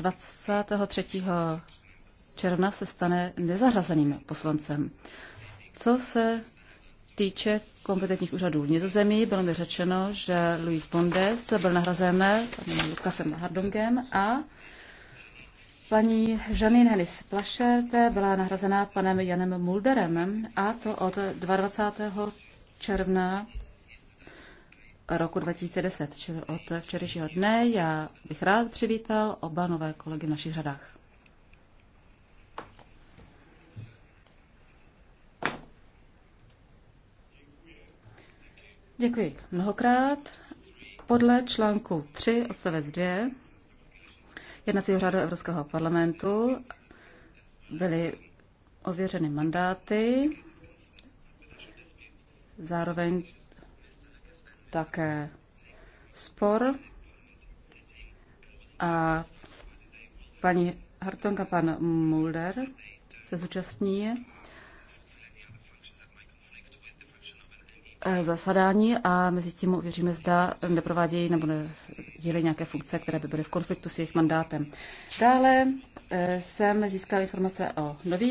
23. června se stane nezařazeným poslancem. Co se týče kompetentních úřadů v Nizozemí, bylo mi řečeno, že Luis Bondes byl nahrazen Lukasem Hardongem a paní Janine Hennis Plašerte byla nahrazená panem Janem Mulderem a to od 22. června roku 2010, čili od včerejšího dne. Já bych rád přivítal oba nové kolegy v našich řadách. Děkuji mnohokrát. Podle článku 3 odstavec 2 jednacího řádu Evropského parlamentu byly ověřeny mandáty. Zároveň také spor a paní Hartonka, pan Mulder se zúčastní eh, zasadání a mezi tím uvěříme, zda neprovádějí nebo dělají nějaké funkce, které by byly v konfliktu s jejich mandátem. Dále eh, jsem získal informace o nových